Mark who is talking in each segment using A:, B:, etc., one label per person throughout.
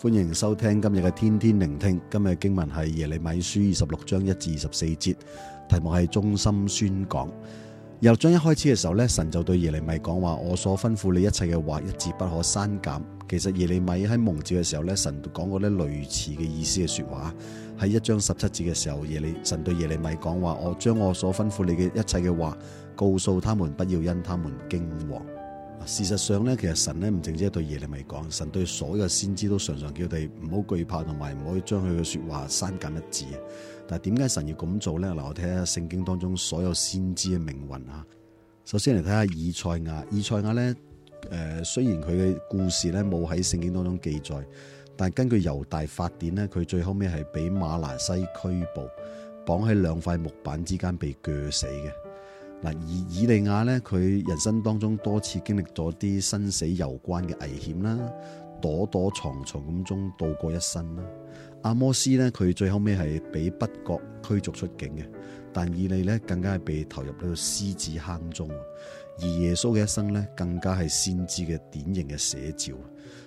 A: 歡迎收聽今日嘅天天聆聽。今日經文係耶利米書二十六章一至二十四節，題目係忠心宣講。又章一開始嘅時候咧，神就對耶利米講話：我所吩咐你一切嘅話，一字不可刪減。其實耶利米喺蒙召嘅時候咧，神講過啲類似嘅意思嘅說話，喺一章十七節嘅時候，神對耶利米講話：我將我所吩咐你嘅一切嘅話，告訴他們，不要因他們驚惶。事實上咧，其實神咧唔淨止對耶利米講，神對所有先知都常常叫佢哋唔好懼怕，同埋唔可以將佢嘅說話刪減一字。但係點解神要咁做咧？嗱，我睇下聖經當中所有先知嘅命運啊。首先嚟睇下以賽亞，以賽亞咧，誒，雖然佢嘅故事咧冇喺聖經當中記載，但根據猶大法典咧，佢最後尾係俾馬拿西拘捕，綁喺兩塊木板之間被鋸死嘅。嗱，以以利亞咧，佢人生當中多次經歷咗啲生死攸關嘅危險啦，躲躲藏藏咁中度過一生啦。阿摩司咧，佢最後尾係俾北國驅逐出境嘅，但以理咧更加係被投入到獅子坑中。而耶穌嘅一生咧，更加係先知嘅典型嘅寫照。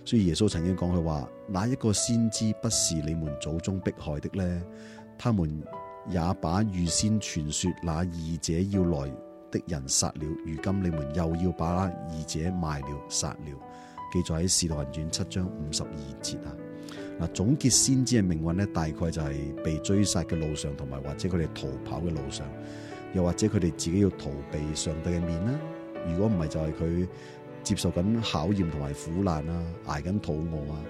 A: 所以耶穌曾經講佢話：哪一個先知不是你們祖宗迫害的呢？他們，也把預先傳說那義者要來的人殺了，如今你們又要把義者賣了殺了。記載喺《使徒行傳》七章五十二節啊！嗱，總結先知嘅命運咧，大概就係被追殺嘅路上，同埋或者佢哋逃跑嘅路上，又或者佢哋自己要逃避上帝嘅面啦。如果唔係就係佢接受緊考驗同埋苦難啦，捱緊肚餓啊，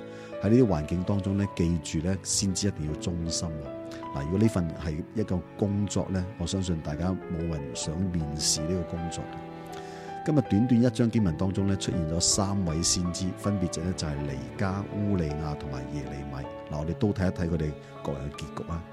A: 喺呢啲環境當中咧，記住咧，先知一定要忠心。嗱，如果呢份係一個工作咧，我相信大家冇人想面試呢個工作。今日短短一章經文當中咧，出現咗三位先知，分別就咧就係彌迦、烏利亞同埋耶利米。嗱，我哋都睇一睇佢哋各人嘅結局啊。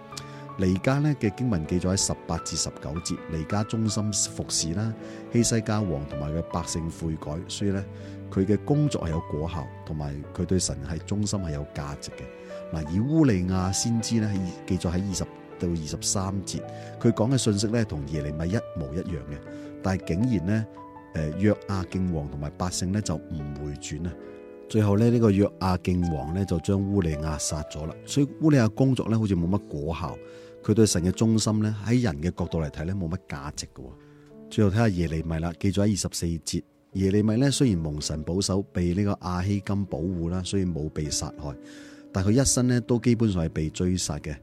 A: 彌迦咧嘅經文記載喺十八至十九節，彌迦忠心服侍啦，希西家王同埋佢百姓悔改，所以咧佢嘅工作係有果效，同埋佢對神係忠心係有價值嘅。嗱，以烏利亞先知咧，記載喺二十到二十三節，佢講嘅信息咧，同耶利米一模一樣嘅，但係竟然咧，誒約雅敬王同埋百姓咧就唔回轉啊，最後咧呢個約雅敬王咧就將烏利亞殺咗啦，所以烏利亞工作咧好似冇乜果效，佢對神嘅忠心咧喺人嘅角度嚟睇咧冇乜價值嘅。最後睇下耶利米啦，記載喺二十四節，耶利米咧雖然蒙神保守，被呢個亞希甘保護啦，所以冇被殺害。但佢一生咧都基本上係被追殺嘅，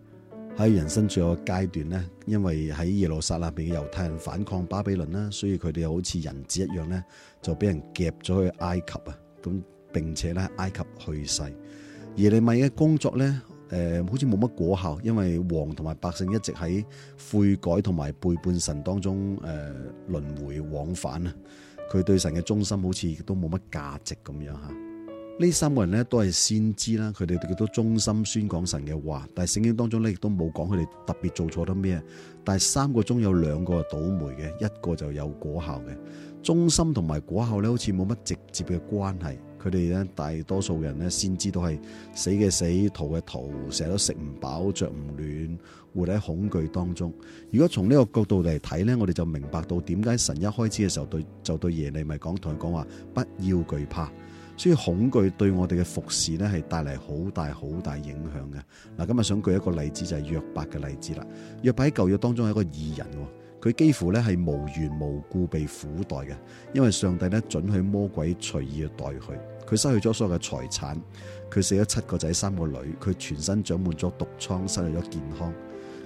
A: 喺人生最後一個階段咧，因為喺耶路撒冷邊嘅猶太人反抗巴比倫啦，所以佢哋又好似人質一樣咧，就俾人夾咗去埃及啊，咁並且咧埃及去世。耶利米嘅工作咧，誒，好似冇乜果效，因為王同埋百姓一直喺悔改同埋背叛神當中誒輪回往返啊，佢對神嘅忠心好似都冇乜價值咁樣吓。呢三個人咧都係先知啦，佢哋都忠心宣講神嘅話，但係聖經當中咧亦都冇講佢哋特別做錯咗咩。但係三個中有兩個係倒楣嘅，一個就有果效嘅忠心同埋果效咧，好似冇乜直接嘅關係。佢哋咧大多數人咧先知都係死嘅死，逃嘅逃，成日都食唔飽，着唔暖，活喺恐懼當中。如果從呢個角度嚟睇咧，我哋就明白到點解神一開始嘅時候對就對耶利米講，同佢講話不要懼怕。所以恐懼對我哋嘅服侍咧係帶嚟好大好大影響嘅。嗱，今日想舉一個例子就係約伯嘅例子啦。約伯喺舊約當中係一個義人，佢幾乎咧係無緣無故被苦待嘅，因為上帝咧准許魔鬼隨意去待佢。佢失去咗所有嘅財產，佢死咗七個仔三個女，佢全身長滿咗毒瘡，失去咗健康，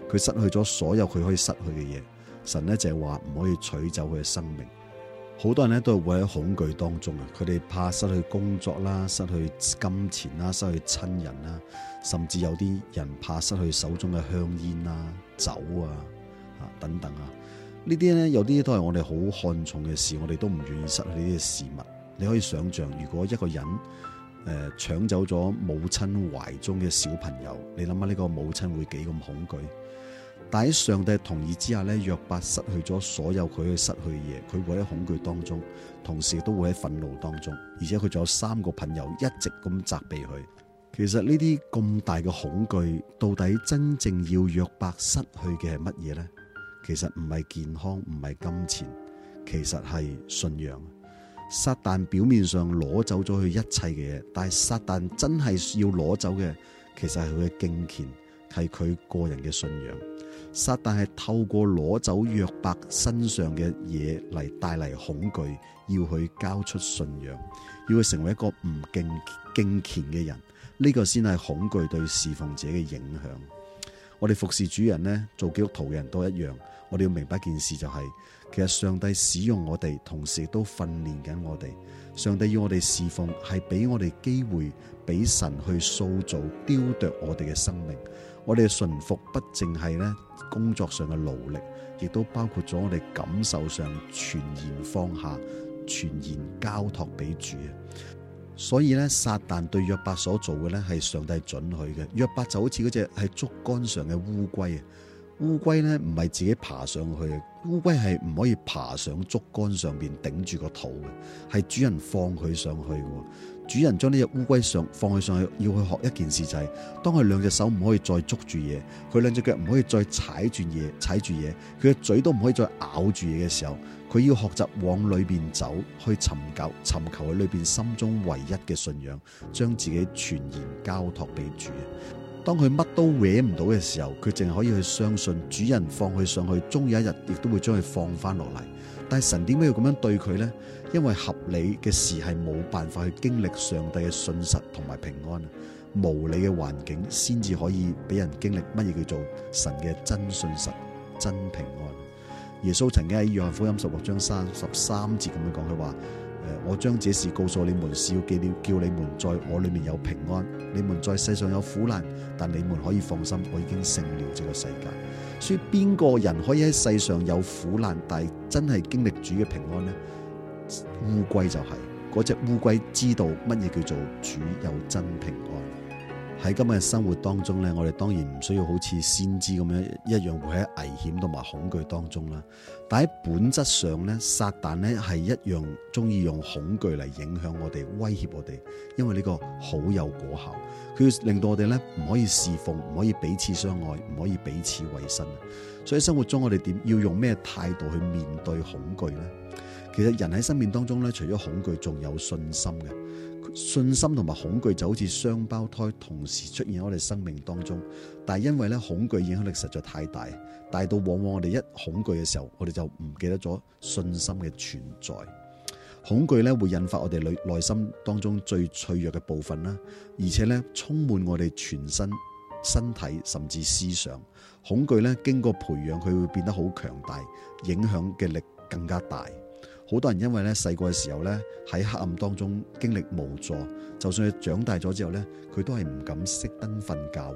A: 佢失去咗所有佢可以失去嘅嘢。神咧就係話唔可以取走佢嘅生命。好多人咧都係會喺恐懼當中嘅，佢哋怕失去工作啦、失去金錢啦、失去親人啦，甚至有啲人怕失去手中嘅香煙啦、酒啊、啊等等啊。這些呢啲咧有啲都係我哋好看重嘅事，我哋都唔願意失去呢啲事物。你可以想象，如果一個人誒搶、呃、走咗母親懷中嘅小朋友，你諗下呢個母親會幾咁恐懼？但喺上帝同意之下呢，約伯失去咗所有佢嘅失去嘢，佢會喺恐懼當中，同時都會喺憤怒當中，而且佢仲有三個朋友一直咁責備佢。其實呢啲咁大嘅恐懼，到底真正要約伯失去嘅係乜嘢呢？其實唔係健康，唔係金錢，其實係信仰。撒旦表面上攞走咗佢一切嘅嘢，但係撒旦真係要攞走嘅，其實係佢嘅敬虔，係佢個人嘅信仰。撒旦係透過攞走約伯身上嘅嘢嚟帶嚟恐懼，要去交出信仰，要去成為一個唔敬敬虔嘅人，呢、這個先係恐懼對侍奉者嘅影響。我哋服侍主人呢，做基督徒嘅人都一樣。我哋要明白一件事就係、是，其實上帝使用我哋，同時亦都訓練緊我哋。上帝要我哋侍奉，係俾我哋機會，俾神去塑造、雕琢我哋嘅生命。我哋嘅順服不淨係咧工作上嘅勞力，亦都包括咗我哋感受上全然放下、全然交託俾主。所以咧，撒旦對約伯所做嘅咧係上帝准許嘅。約伯就好似嗰隻係竹竿上嘅烏龜啊！烏龜咧唔係自己爬上去嘅，烏龜係唔可以爬上竹竿上邊頂住個肚嘅，係主人放佢上去嘅。主人將呢隻烏龜上放佢上去，要去學一件事就係、是，當佢兩隻手唔可以再捉住嘢，佢兩隻腳唔可以再踩住嘢，踩住嘢，佢嘅嘴都唔可以再咬住嘢嘅時候，佢要學習往裏邊走，去尋求尋求佢裏邊心中唯一嘅信仰，將自己全然交託俾主。當佢乜都搲唔到嘅時候，佢淨係可以去相信主人放佢上去，終有一日亦都會將佢放翻落嚟。但係神點解要咁樣對佢呢？因為合理嘅事係冇辦法去經歷上帝嘅信實同埋平安，無理嘅環境先至可以俾人經歷乜嘢叫做神嘅真信實、真平安。耶穌曾經喺約翰福音十六章三十三節咁樣講，佢話。我將這事告訴你們，是要記了，叫你們在我裏面有平安。你們在世上有苦難，但你們可以放心，我已經勝了這個世界。所以邊個人可以喺世上有苦難，但真係經歷主嘅平安呢？烏龜就係、係、嗰隻烏龜，知道乜嘢叫做主有真平安。喺今日嘅生活當中咧，我哋當然唔需要好似先知咁樣一樣活喺危險同埋恐懼當中啦。但喺本質上咧，撒旦咧係一樣中意用恐懼嚟影響我哋、威脅我哋，因為呢個好有果效，佢令到我哋咧唔可以侍奉、唔可以彼此相愛、唔可以彼此為身。所以生活中我哋點要用咩態度去面對恐懼咧？其實人喺生命當中咧，除咗恐懼，仲有信心嘅。信心同埋恐懼就好似雙胞胎同時出現喺我哋生命當中。但係因為咧恐懼影響力實在太大，大到往往我哋一恐懼嘅時候，我哋就唔記得咗信心嘅存在。恐懼咧會引發我哋內心當中最脆弱嘅部分啦，而且咧充滿我哋全身身體甚至思想。恐懼咧經過培養，佢會變得好強大，影響嘅力更加大。好多人因為咧細個嘅時候咧喺黑暗當中經歷無助，就算佢長大咗之後咧，佢都係唔敢熄燈瞓覺嘅。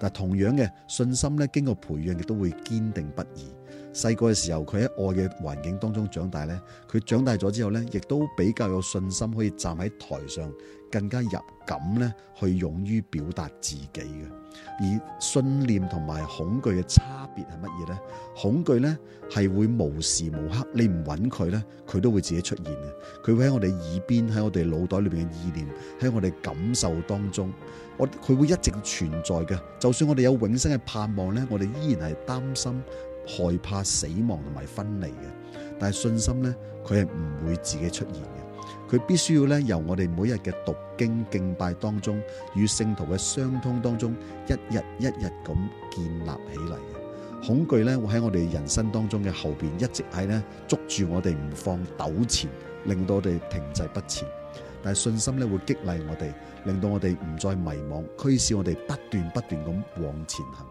A: 但同樣嘅信心咧，經過培養亦都會堅定不移。細個嘅時候佢喺愛嘅環境當中長大咧，佢長大咗之後咧，亦都比較有信心可以站喺台上。更加入感咧，去勇於表達自己嘅。而信念同埋恐懼嘅差別係乜嘢呢？恐懼呢係會無時無刻，你唔揾佢呢，佢都會自己出現嘅。佢會喺我哋耳邊，喺我哋腦袋裏邊嘅意念，喺我哋感受當中，我佢會一直存在嘅。就算我哋有永生嘅盼望呢，我哋依然係擔心害怕死亡同埋分離嘅。但係信心呢，佢係唔會自己出現嘅。佢必須要咧，由我哋每日嘅讀經敬拜當中，與聖徒嘅相通當中，一日一日咁建立起嚟。恐懼咧，會喺我哋人生當中嘅後邊一直喺咧捉住我哋唔放，糾纏，令到我哋停滯不前。但係信心咧，會激勵我哋，令到我哋唔再迷惘，驅使我哋不斷不斷咁往前行。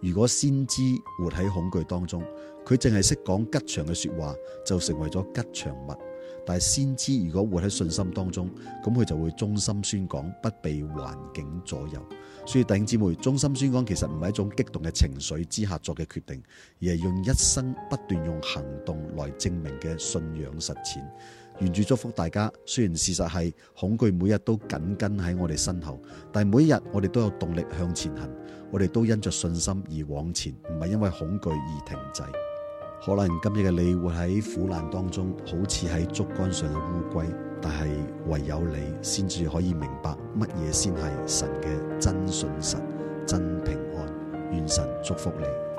A: 如果先知活喺恐懼當中，佢淨係識講吉祥嘅說話，就成為咗吉祥物。但係先知，如果活喺信心當中，咁佢就會忠心宣講，不被環境左右。所以弟兄姊妹，忠心宣講其實唔係一種激動嘅情緒之下作嘅決定，而係用一生不斷用行動來證明嘅信仰實踐。願主祝福大家。雖然事實係恐懼每日都緊跟喺我哋身後，但係每一日我哋都有動力向前行，我哋都因着信心而往前，唔係因為恐懼而停滯。可能今日嘅你活喺苦難當中，好似喺竹竿上嘅烏龜，但係唯有你先至可以明白乜嘢先係神嘅真信實、真平安。願神祝福你。